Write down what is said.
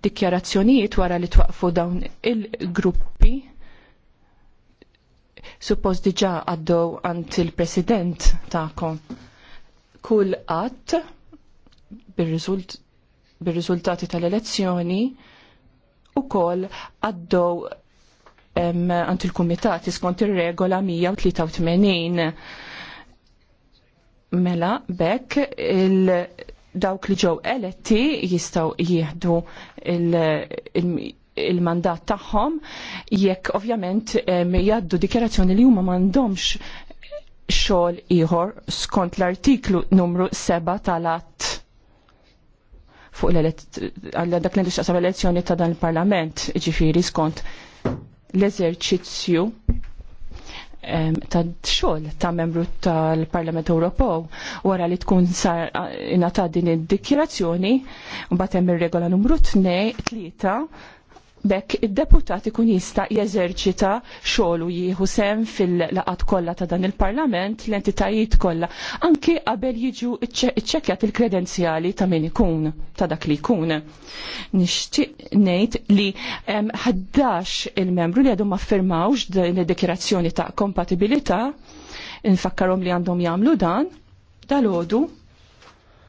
dikjarazzjonijiet wara li twaqfu dawn il-gruppi suppost diġa għaddew għand il-president tagħkom. Kull qatt bir-riżultati tal-elezzjoni ukoll għaddew għand il-kumitat skont ir-regola 183 mela bekk il dawk li ġew eletti jistgħu jieħdu il-mandat il, tagħhom jekk ovvjament jgħaddu dikjarazzjoni li huma m'għandhomx xogħol ieħor skont l-artiklu numru 7 tal-att fuq l elezzjoni ta' dan il-Parlament, ġifiri skont l-eżerċizzju ta' xogħol ta' membru tal-Parlament Ewropew wara li tkun sar ingħata din id-dikjerazzjoni mbagħad hemm ir-regola numru 2 tlieta Bekk id-deputat ikun jista' jeżerċita xogħlu jieħu sem fil-laqat kollha ta' dan il-Parlament l-entitajiet kollha anke qabel jiġu iċċekkjat il-kredenzjali ta' min ikun ta' dak li jkun. Nixtieq ngħid li ħaddax il-membru li għadhom ma firmawx din id dikjerazzjoni ta' kompatibilità infakkarhom li għandhom jagħmlu dan dalgħodu.